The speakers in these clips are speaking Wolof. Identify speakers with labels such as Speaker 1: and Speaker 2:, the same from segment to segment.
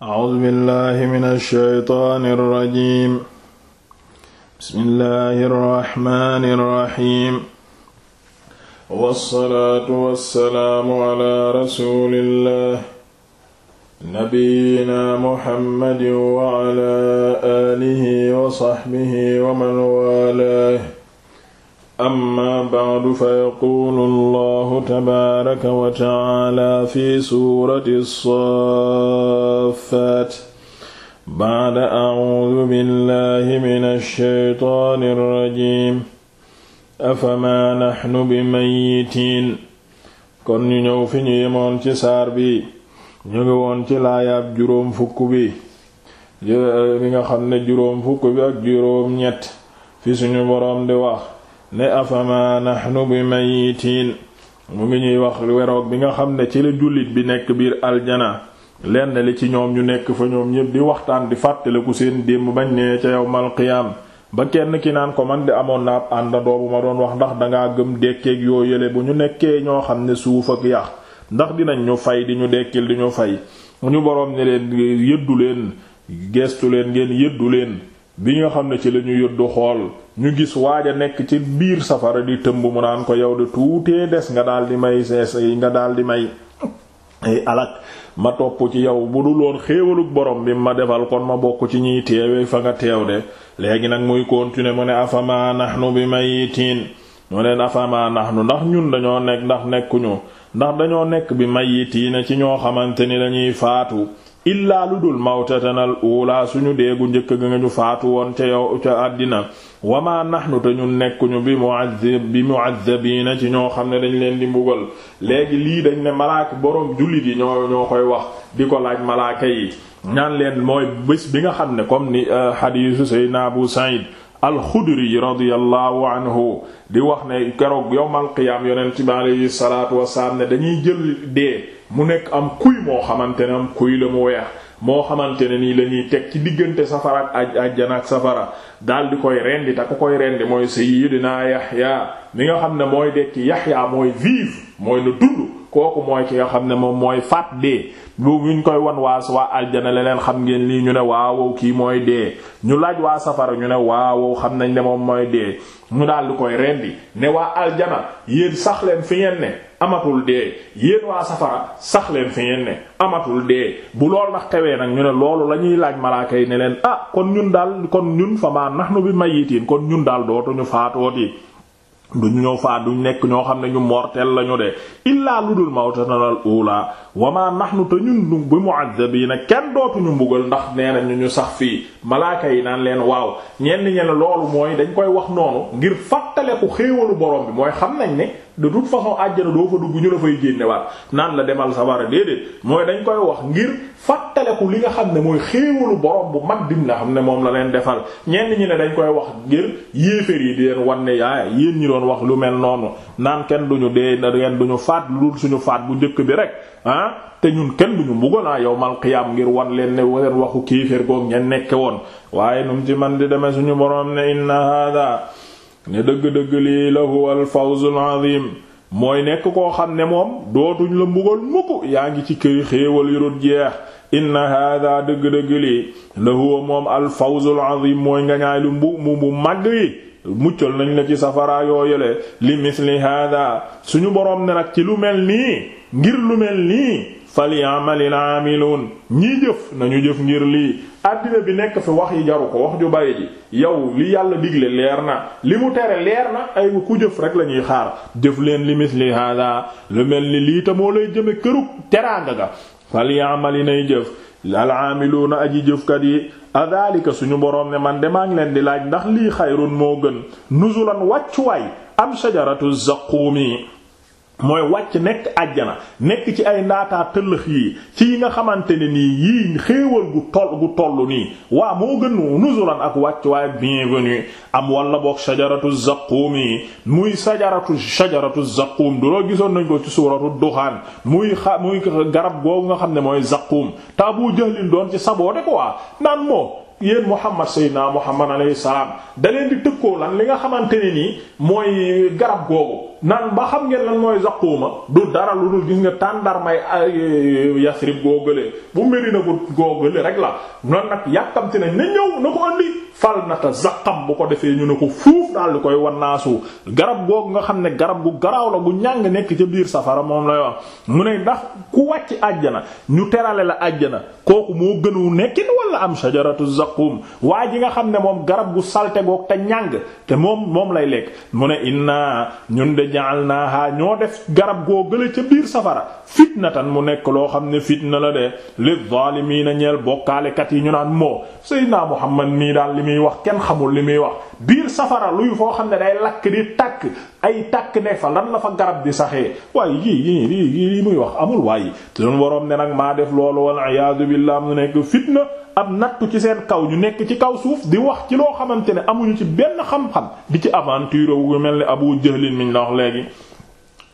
Speaker 1: A'uuzu billaahi mina shaytaani rajiim. Bismillaahi rahmaani rahiim. Wassalaatu wassalaamu alaa rasuulillaahi nabiyyinaa Muhammadin wa alaa aalihi wa sahbihi wa man waalaahu. amma ba'du fa yaquulu allahu tabaaraka wa ta'aala fi suurati saaffaat ba'da a'uudu billahi mina shaytaani rajiim afamaa naxnu bi mayyitiin kon ñu ñëw fi ñu yemoon ci saar bi ñu ngi woon ci laayaab juróom fukk bi bi nga xam ne juróom fukk bi ak juróom ñett fi suñu boroom di wax ne afama nahnu may mayitiin
Speaker 2: mu ngi ñuy wax weroog bi nga xam ne ci la jullit bi nekk biir aljana lenn li ci ñoom ñu nekk fa ñoom ñépp di waxtaan di fàttaliku seen démb bañ nee ca yawmal qiyaam ba kenn ki naan ko man di amoon na ab àndandoo bu ma doon wax ndax dangaa gëm dékkeek yoo yële bu ñu nekkee ñoo xam ne suuf ak yàq ndax dinañ ñu fay di ñu dékkil di ñu fay mu ñu boroom ne leen yëddu leen geestu leen ngeen yëddu leen bi nga xam ne ci la ñu yuddu xool ñu gis waaj nekk ci biir safara di tëmb mu naan ko yow de tuutee des nga daal di may sees nga daal di may alak ma topp ci yow bu dul woon xéewalug borom bi ma defal kon ma bokk ci ñiy teewe fa nga teew de léegi nag muy continuer mu ne afama may bi mayitiin mu ne afama ndax ñun dañoo nekk ndax nekkuñu ndax dañoo nekk bi mayitiin ci ñoo xamante ni dañuy faatu illaa lu dul mawtatanal uulaa suñu deegu njëkk ga nga ñu faatu woon ca yow ca àddina wama nahnu te ñun nekkuñu bi mu'azzab bi mu mu'azzabiina ci ñoo xam ne dañu leen di mbugal léegi lii dañ ne malaak boroom jullit yi ñoo ñoo koy wax di ko laaj malaaka yi ñaan leen mooy bés bi nga xam ne comme ni euh, hadiisu Seydina Abu Saïd alxudri radiyallahu anhu di wax ne keroog yowmal qiyaam yonent bi aleyhi salaatu wasalaam ne dañuy jël dee mu nekk am kuy moo xamante ne am kuy la mu weex moo xamante ne nii la ñuy teg ci diggante safara ak àjjana ak safara daal di koy rendi te ku koy rendi mooy sayyidina Yaxya mi nga xam ne mooy dekki Yaxya mooy vive mooy na dund kooku mooy ki nga xam ne moom mooy faat dee bu ñu koy wan waa waa aljana leen xam ngeen lii ñu ne waawow kii mooy dee ñu laaj waa safara ñu ne waawow xam nañ ne moom mooy dee ñu daal di koy rendi ne waa aljana yéen sax leen fi ngeen ne amatul dee yéen waa safara sax leen fi ngeen ne amatul dee bu lool ndax xewee nag ñu ne loolu la ñuy laaj malaaka yi ne leen ah kon ñun daal kon ñun fa maa nax nu bi mayitiin kon ñun daal dootuñu faatooti duñ ñëw faa duñ nekk ñoo xam ne ñu mortel lañu de illaa lu dul mawtatanal ula wama nahnu te ñun du bi mu'azzabina kenn dootuñu mbugal ndax nee na ñu ñu sax fii malaaka yi naan leen waaw ñenn ñenn loolu mooy dañ koy wax noonu ngir fàttale ku xéewalu borom bi mooy xam nañ ni de toute façon àjjana doo fa dugg ñu la fay génnewaat naan la demal sawara déedéet mooy dañ koy wax ngir fàttaleku li nga xam ne mooy xéewalu borom bu mag dim la xam ne moom la leen defal ñenn ñi ne dañ koy wax ngir yéeféer yi di leen wan ne yaa yéen ñi doon wax lu mel noonu naan kenn duñu dee na ngeen duñu faat lu dul suñu faat bu njëkk bi rek ah te ñun kenn duñu mbugalaa yawmal qiyaam ngir wan leen ne waxu kéeféer goog ngeen nekke woon waaye num ci ne dëgg-dëgg lii la huwal fawzul azim mooy nekk koo xam ne moom dootuñ la mbugal mukk yaa ngi ci këri xéewal yu dul jeex inna hada dëgg-dëgg lii la huwa moom al fawzul azim mooy nga ñaay lu mbu màgg yi muccal nañ la ci safara yooyale li misli hada suñu borom ne nag ci lu mel nii ngir lu mel nii falyamalil aamiluun ñii jëf nañu jëf ngir lii àddina bi nekk fi wax yi jaru ko wax ju bari ji yow li yàlla digle leer na li mu tere leer na ay ku jëf rek lañuy xaar jëf leen li misli hada lu mel ni lii ta moo lay jëme kërug teraanga ga falyamali nay jëf alaamiluuna aji jëfkat yi adalika suñu boroom ne man de ngi leen di laaj ndax lii xayrun moo gën nuzulan wàccuwaay am shajaratu zaqqumi mooy wàcc nekk àjjana nekk ci ay ndaataa tëllëx yii ci yi nga xamante ne nii yii xéewal gu toll gu toll nii waa moo gën nuzulan ak wàcc waaye bienvenue am wala boog shajaratu zaqqum muy sajaratu shajaratu zaqqum du loo gisoon nañ ko ci suuratu duxaan muy xa muy garab googu nga xam ne mooy zaqqum te jël Jahlin doon ci saboote waa naan moo yéen Muhammad sayyidina Muhammad alayhi salaam da leen di tëkkoo lan li nga xamante ne nii mooy garab googu. naan ba xam ngeen lan mooy zaquuma du dara lu dul gis nga tàndarmay yasrib goo gëlee bu Medina gu goo rek la noonu nag yàkkamti nañ na ñëw na ko andi fal nata zaqam bu ko defee ñu ne ko fuuf daal di koy wannaasu garab googu nga xam ne garab gu garaaw la gu ñàng nekk ca biir safara moom lay wax mu ne ndax ku wàcc àjjana ñu terale la àjjana kooku moo gënu nekkin wala am shajaratu zaqum waa ji nga xam ne moom garab gu salte goog te ñàng te moom moom lay lekk mu ne inna naa ja'alnaaha ñoo def garab goo gële ca biir safara fitnatan mu nekk loo xam ne fitna la de li zaalimiina ñeel bokkaalekat yi ñu naan moo Seydina Muhammad mii daal li muy wax kenn xamul li muy wax biir safara luy foo xam ne day lakk di takk ay takk ne fa lan la fa garab di saxee waaye yii yii lii lii muy wax amul waaye te doon woroom ne nag maa def loolu wal iyaadu billaah mu nekk fitna ab nattu ci seen kaw ñu nekk ci kaw suuf di wax ci loo xamante ne amuñu ci benn xam-xam di ci aventure wu mel ni Abu Jahlin miñ la wax léegi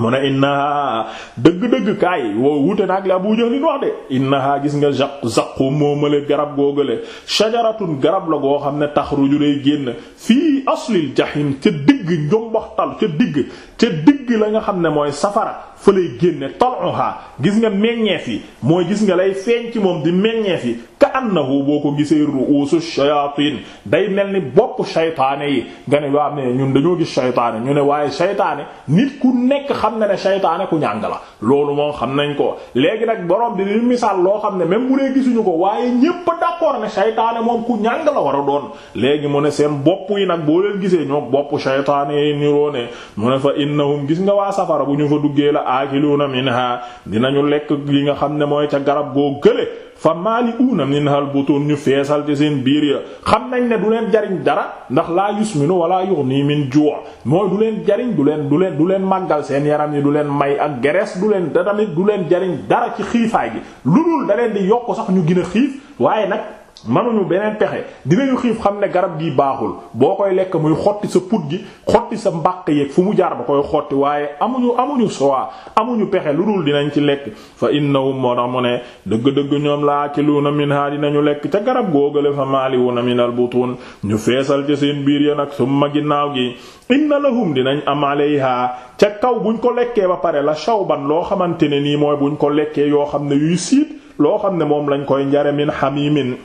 Speaker 2: mu ne innaha dëgg-dëgg kaay wow wute naag la Abu Jahl wax de innaha gis nga zaq zaqu moo male garab googale shajaratun garab la goo xam ne taxruju day génn fii aslil jahim ca digg njomboxtal ca digg ca digg la nga xam ne mooy safara fa lay génne tal'uha gis nga meññeef yi mooy gis nga lay feeñ ci moom di meññeef yi ka annahu boo ko gisee ru'usu shayatin day mel ni bopp shaytaane yi nga ne waa ne ñun dañoo gis shaytaane ñu ne waaye shaytaane nit ku nekk xam na ne shaytaane ku ñàng la loolu moom xam nañ ko léegi nag borom bi di misaal loo xam ne même bu dee gisuñu ko waaye ñépp d'accord ne shaytaane moom ku ñàng la war a doon léegi mu ne seen bopp yi nag boo leen gisee ñoo bopp shaytaane yi niroo ne mu ne fa innahum gis nga waa safara bu ñu fa duggee la aakiluuna minha dinañu lekk li nga xam ne mooy ca garab goo gële fa maali'uuna minhal butun ñu feesal ci seen biir ya xam nañ ne du leen jariñ dara ndax laa yusminu wala yughni min ju' mooy du leen jariñ du leen du leen du leen màggal seen yaram yi du leen may ak gerees du leen da tamit du leen jariñ dara ci xiifaay gi lu dul da leen di yokk sax ñu gën a xiif waaye nag ñu beneen pexe dinañu xiif xam ne garab gi baaxul boo koy lekk muy xotti sa put gi xotti sa mbàq yeeg fu mu jaar ba koy xotti waaye amuñu amuñu sowa amuñu pexe lu dul dinañ ci lekk fa innahum moo tax mu ne dëgg-dëgg ñoom laa ci luuna minha dinañu lekk ca garab googale fa maaliwuna minal butun ñu feesal ca seen biir ya nag su summa ginnaaw gi inna lahum dinañ am alayha ca kaw buñ ko lekkee ba pare la shawban loo xamante ne nii mooy buñ ko lekkee yoo xam ne yuy siit loo xam ne moom lañ koy njare min hamimin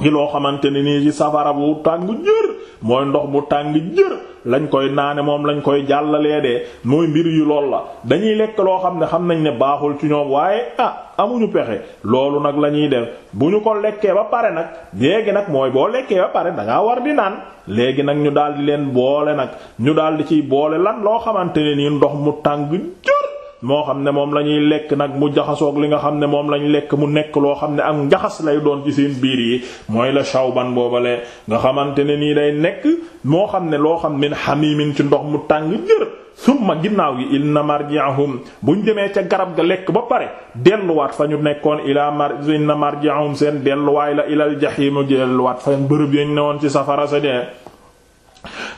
Speaker 2: ci loo xamante ne nii ci safara bu tàng jër mooy ndox bu tàng jër lañ koy naane moom lañ koy jàllalee de mooy mbir yu lool la dañuy lekk loo xam ne xam nañu ne baaxul ci ñoom waaye ah amuñu pexe loolu nag la ñuy def bu ñu ko lekkee ba pare nag léegi nag mooy boo lekkee ba pare da ngaa war di naan léegi nag ñu daal di leen boole nag ñu daal di ciy boole lan loo xamante ne nii ndox mu tàng jër moo xam ne moom la ñuy lekk nag mu jaxasoog li nga xam ne moom lañ lekk mu nekk loo xam ne ak njaxas lay doon ci seen biir yi mooy la shawban boobale nga xamante ne nii day nekk moo xam ne loo xam min hamimin ci ndox mu tàng jër summa ginnaaw yi inna marji'ahum buñ demee ca garab ga lekk ba pare delluwaat fa ñu nekkoon ilaa mar inna marji'ahum seen delluwaay la ilal jahiim delluwaat fa bërëb yañ newoon ci safara sa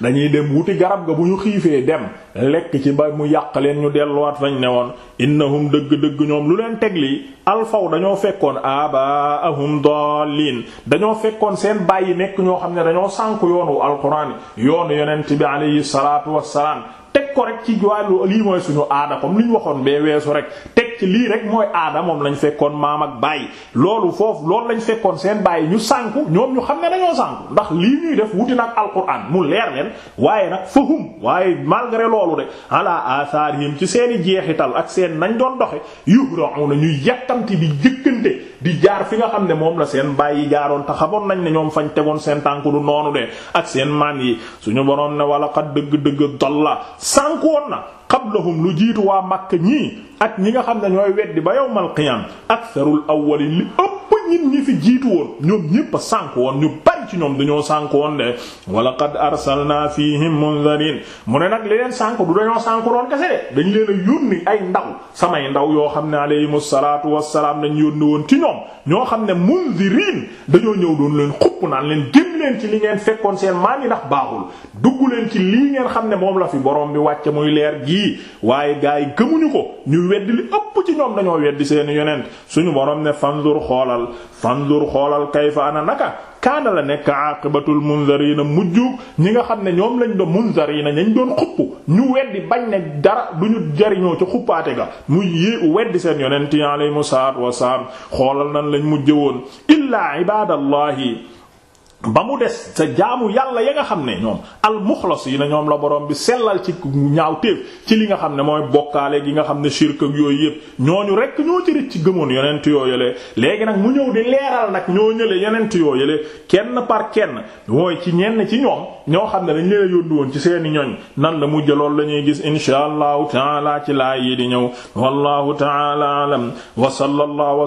Speaker 2: dañuy dem wuti garab ga bu ñu xiifee dem lekk ci ba mu yàq leen ñu delluwaat fañ ne woon innahum dëgg-dëgg ñoom lu leen teg lii alfaw dañoo fekkoon abaahum dallin dañoo fekkoon seen bàyyi nekk ñoo xam ne dañoo sànk yoonu alquran yoonu yonent bi alayhi salaatu wassalaam teg ko rek ci wàllu lii mooy suñu aada comme li ñu waxoon bee weesu rek teg ci lii rek mooy aada moom lañ fekkoon maam ak baay loolu foofu loolu lañ fekkoon seen baay ñu sànku ñoom ñu xam ne dañoo sànku ndax lii ñuy def wuti nag alquran mu leer leen waaye nag fahum waaye malgré loolu de ala atharihim ci seeni jeexital ak seen nañ doon doxe yuhra'una ñuy yàkkamti bi jëkkante di jaar fi nga xam ne moom la seen bàyyi jaaroon te xamoon nañ ne ñoom fañ tegoon seen tànk du noonu de ak seen maan yi suñu boroom ne wala xat dëgg-dëgg dol la sànkoon na qablahum lu jiitu waa Makka ñii ak ñi nga xam ne ñooy weddi ba yawmal qiyaam aktharul awwalin li ëpp ñin ñi fi jiitu woon ñoom ñépp a woon ñu bari ci ñoom dañoo sànk woon de wala qad arsalna fihim munzarin mu ne nag li leen sànk du dañoo sànk doon kese de dañu leen a yónni ay ndaw samay ndaw yoo xam ne alayhimu salaatu wassalaam dañ yónni woon ci ñoom ñoo xam ne munzirin dañoo ñëw doon leen xupp naan leen génn leen ci li ngeen fekkoon seen maam yi ndax baaxul dugg leen ci lii ngeen xam ne moom la fi borom bi wàcce muy leer gii waaye gaa yi gëmuñu ko ñu weddi li ëpp ci ñoom dañoo weddi seen yonent suñu borom ne fanzur xoolal fanzur xoolal kayfa ana naka kaana la nekk aqibatul munzarina mujj ñi nga xam ne ñoom lañ doon munzarina ñañ doon xupp ñu weddi bañ ne dara du ñu jariñoo ca xuppaate ga mu yée weddi seen yonent yi alayhimu salaatu wasalaam xoolal nan lañ mujje woon illaa ibaadallahi ba mu des sa jaamu yàlla ya nga xam ne ñoom almuxlas yi na ñoom la borom bi sellal ci ñaaw téef ci li nga xam ne mooy bokkaale gi nga xam ne shirk ak yooyu yëpp ñooñu rekk ñoo ci rëcc ci gëmoon yonent yooyale léegi nag mu ñëw di leeral nag ñoo ñële yonent yooyale kenn par kenn mooy ci ñenn ci ñoom ñoo xam ne dañ leen woon ci seeni ñoñ nan la mujj lool la ñuy gis insha allahu taala ci laay yi di ñëw wallahu taala alam wa sallallahu wa